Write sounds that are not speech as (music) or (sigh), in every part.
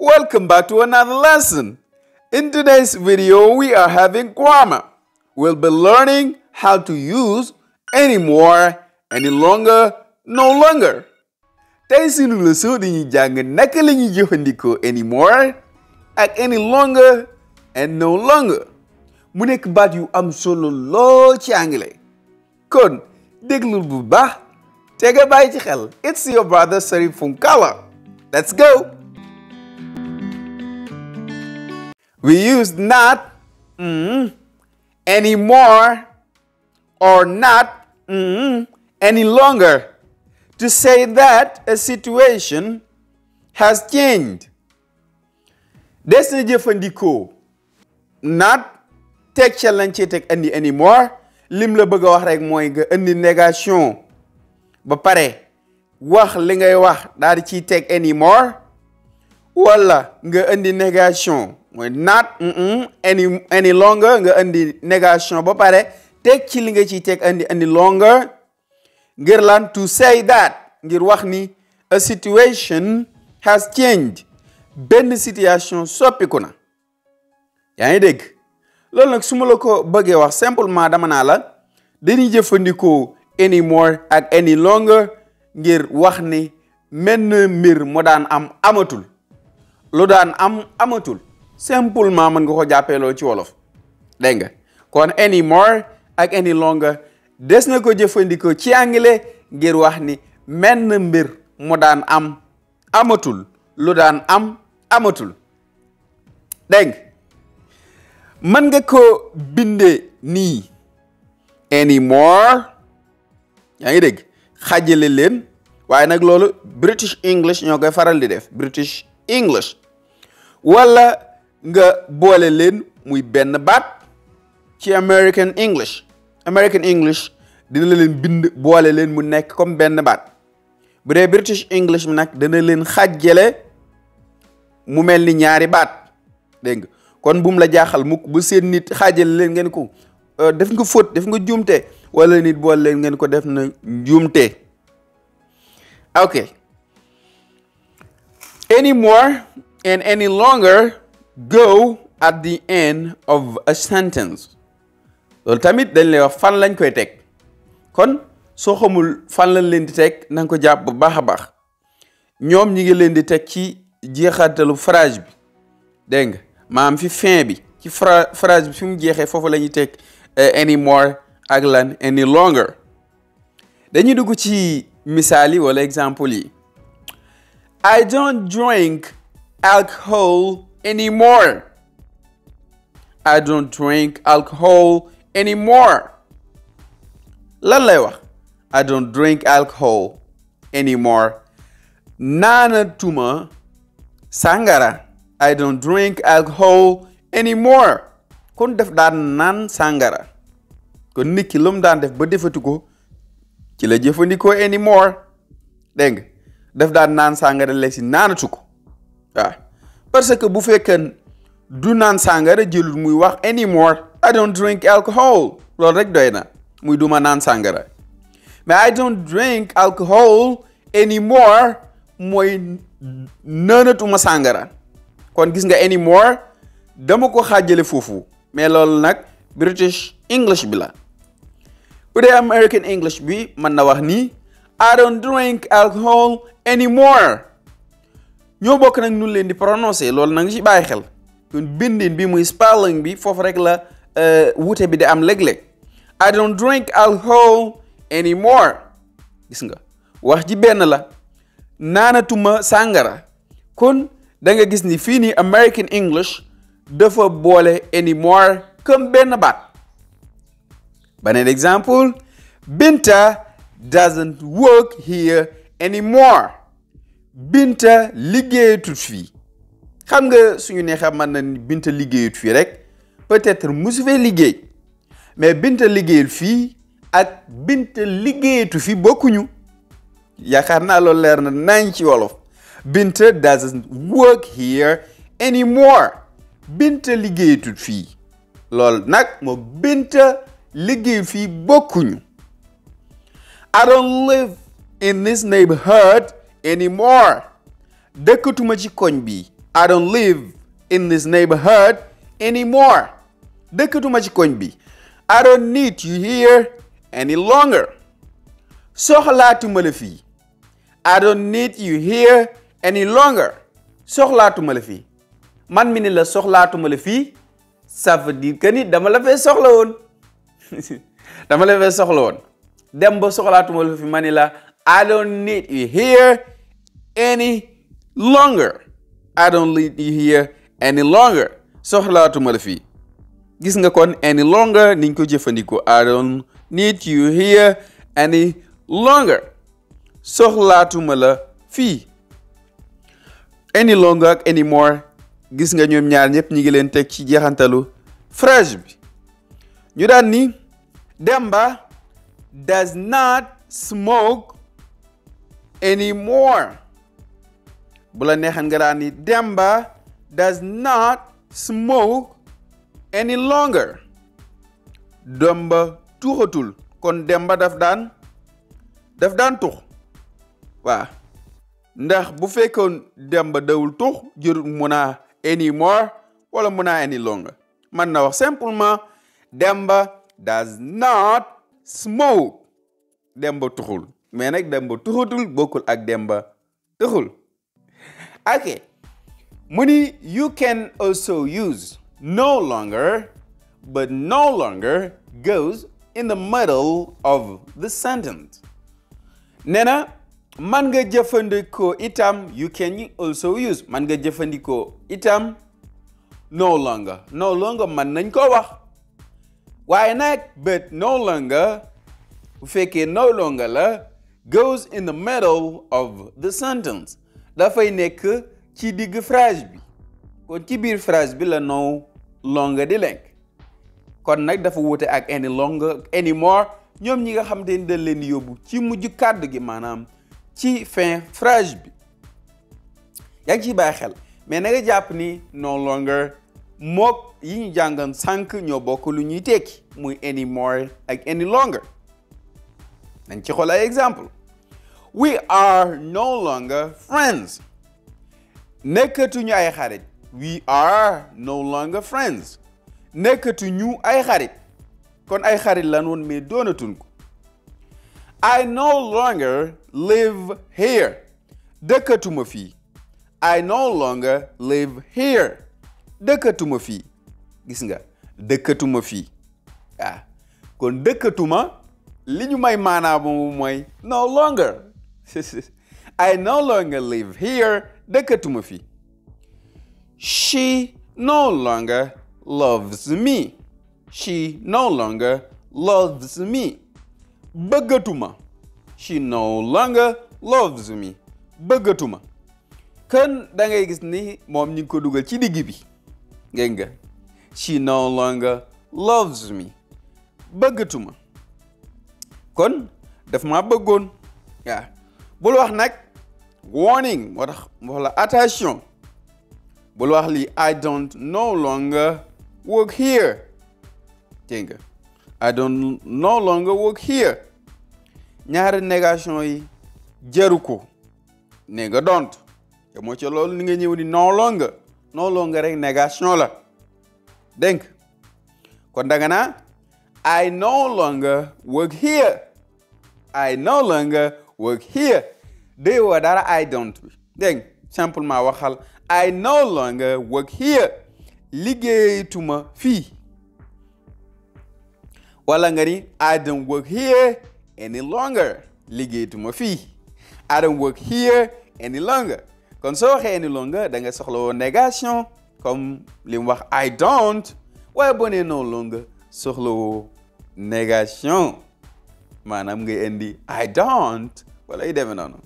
Welcome back to another lesson. In today's video, we are having grammar. We'll be learning how to use anymore, any longer, no longer. tey sunu leçon dañuy jàng naka la ñuy jëfandikoo anymore ak any longer and no longer mu nekk baat yu am solo loo ci anglais kon déglul bu baax te nga bàyyi ci xel it's your brother Serif Funkala let's go We use not mm, anymore or not mm, any longer to say that a situation has changed. des na jëfandikoo not teg lañ ci teg andi anymore lim la bëgg a wax rek mooy nga andi négation ba pare wax li ngay wax daal di ciy teg anymore wala nga indi négation mooy not any longer nga indi négation ba pare teg ci li nga ciy teg indi indi longer ngir lan to say that ngir wax ni a situation has changed benn situation soppiku na yaa ngi dégg loolu nag su ma la ko bëggee wax simplement dama naa la dañuy jëfandikoo any more ak any longer ngir wax ni menn mbir mu daan am amatul lu daan am amatul simplement mën nga ko jàppee loolu ci wolof dégg nga kon any ak any des na ko jëfandikoo ci anglais ngir wax ni menn mbir mu daan am amatul lu daan am amatul dégg nga mën nga ko bindee nii any more yaa ngi dégg xajale leen waaye nag loolu British English ñoo koy faral di def British English wala nga boole leen muy benn baat ci American English American English dina la leen bind boole leen mu nekk comme benn baat bu dee British English mi nag dana leen xàjjale mu mel ni ñaari baat dégg nga kon bu la jaaxal muk bu seen nit xaajale leen ngeen ko euh, def nga faute def nga juumte wala nit boole leen ngeen ko def na juumte ok any more and any longer go at the end of a sentence tamit dañ lay fan lañ koy teg kon soo xamul fan lañ leen di teg na ko jàpp bu baax a baax ñoom ñi ngi leen di teg ci jeexaatalu phrase bi dégg nga maam fi fin bi ci fra phrase bi fi jeexee foofu la ñuy teg eh, any more ak lan any longer dañuy dugg ci misaal yi wala exemple yi I don't drink alcohol anymore. I don't drink alcohol anymore. lan lay wax I don't drink alcohol anymore. sàngara I don't drink alcohol anymore. kon def daan naan sàngara kon nit ki lu mu daan def ba defatu ko ci la jëfandikoo anymore dégg def daan naan sàngara léegi si naanatu parce que bu fekkee du naan sàngara jëlul muy wax anymore I don't drink alcohol loolu rek doy na muy du ma naan sàngara mais I don't drink alcohol anymore mooy naanatuma sàngara kon gis nga anymore dama ko xaajale foofu mais loolu nag British English bi la bu dee American English bi mën na wax ni I don't drink alcohol anymore ñoo bokk nag nun leen di prononcé loolu nag ci bàyyi xel kon bindin bi muy spelling bi foofu rek la euh, wuute bi di am léeg-léeg I don't drink alcohol anymore gis nga wax ji benn la naanatuma sàngara kon danga nga gis ni fii nii American English dafa boole anymore comme benn baat beneen exemple Binta doesn't work here anymore Binta liggéeyatut fii xam nga suñu neexee mën na Binta liggéeyut fii rek peut-être musu fee liggéey mais Binta liggéey fii ak Binta liggéeyatu fi bokkuñu yaakaar naa lool leer na naañ ci wolof Binta doesn't work here anymore Binta liggéeyatut fii lool nag moom Binta liggéey fii bokkuñu I don't live in this neighborhood anymore. Dëkkatuma ci koñ bi. I don't live in this neighborhood anymore. Dëkkatuma ci koñ bi. I don't need you here any longer. Soxlaatuma la fii. I don't need you here any longer. Soxlaatuma la fii. man mi ni la soxlaatuma la fii ça veut dire que ni dama la fee soxla woon (laughs) dama la fee soxla woon dem ba soxlaatuma la fi ma ni la I don't need you here any longer I don't la fii gis nga kon any longer niñ ko jëfandikoo I don't need you here any longer soxlaatuma la fii any longer ak any more gis nga ñoom ñaar ñëpp ñi ngi leen teg ci jeexantalu phrase bi ñu daan ni Demba does not smoke anymore. bu la neexan nga Demba does not smoke any longer. Demba tuxatul kon Demba daf daan tux waaw ndax bu fekkoon Demba dawul tux jërul mun anymore wala mun a any longer man na wax simplement Demba does not smoke Demba tuxul. mais nag Demba tuxatul bokkul ak Demba tuxul ok mu ni you can also use no longer but no longer goes in the middle of the sentence nee na man nga jëfandikoo itam you can also use man nga jëfandikoo itam no longer no longer man nañ ko wax waaye nag but no longer bu fekkee no longer la goes in the middle of the sentence dafay nekk ci digg phrase bi kon ci biir phrase bi la no longer di link kon nag dafa wuute ak any longer any more ñoom ñi nga xam te ni dañ leen yóbbu ci mujj kàddu gi maanaam ci fin frage bi yaa ngi ciy bàyyi mais na jàpp ni no longer mook yi ñu jàngoon sànq ñoo bokk lu ñuy tekki muy any more ak any longer nañ ci xool ay exemple we are no longer friends nekkatuñu ay xarit we are no longer friends nekkatuñu ay xarit kon ay xarit lan woon mais doonatuñ ko I no longer live here dëkkatuma fii I no longer live here dëkkatuma fii gis nga dëkkatuma fii ah. kon dëkkatuma li ñu may maanaam mooy no longer I no longer live here. Dëkkatuma fi. She no longer loves me. She no longer loves me. Bëggatuma. She no longer loves me. Bëggatuma. Kon da ngay gis ni moom ñu ko dugal ci digg bi. Dégg nga. no longer loves me. Bëggatuma. Kon daf maa bëggoon. waaw bul wax nag warning moo tax mu wax la attention bul wax lii I don't no longer work here dégg I don't no longer work here ñaari négation yi jaru ko ne nga don't te moo ci loolu ni nga ñëw ni no longer no longer rek négation la dégg kon danga naa I no longer work here I no longer work here day woo dara I don't dégg simplement waxal I no longer work here liggéeyatuma fii wala nga ni I don't work here any longer liggéeyatuma fii I don't work here any longer kon soo waxee any longer da nga soxla négation comme li wax I don't waaye boo nee no longer soxla négation maanaam ngay indi I don't wala yu demee noonu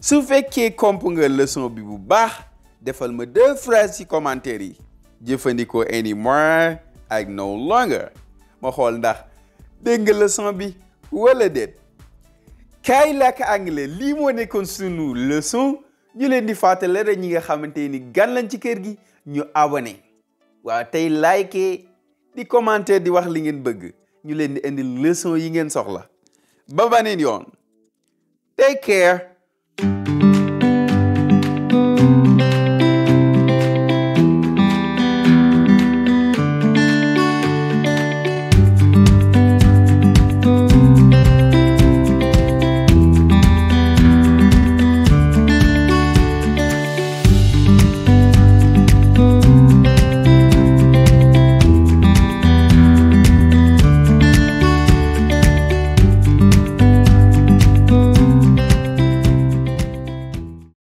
su fekkee comp nga leçon bi bu baax defal ma deux phrases ci commentaire yi jëfandikoo anymore ak no longer ma xool ndax dégg nga leçon bi wala déet kaay làkk anglais lii moo nekkoon sunu leçon ñu leen di fàttale rek ñi nga xamante ni gan lañ ci kër gi ñu abonné waaw tey like di commentaire di wax li ngeen bëgg ñu leen di indi leçon yi ngeen soxla ba beneen yoon take care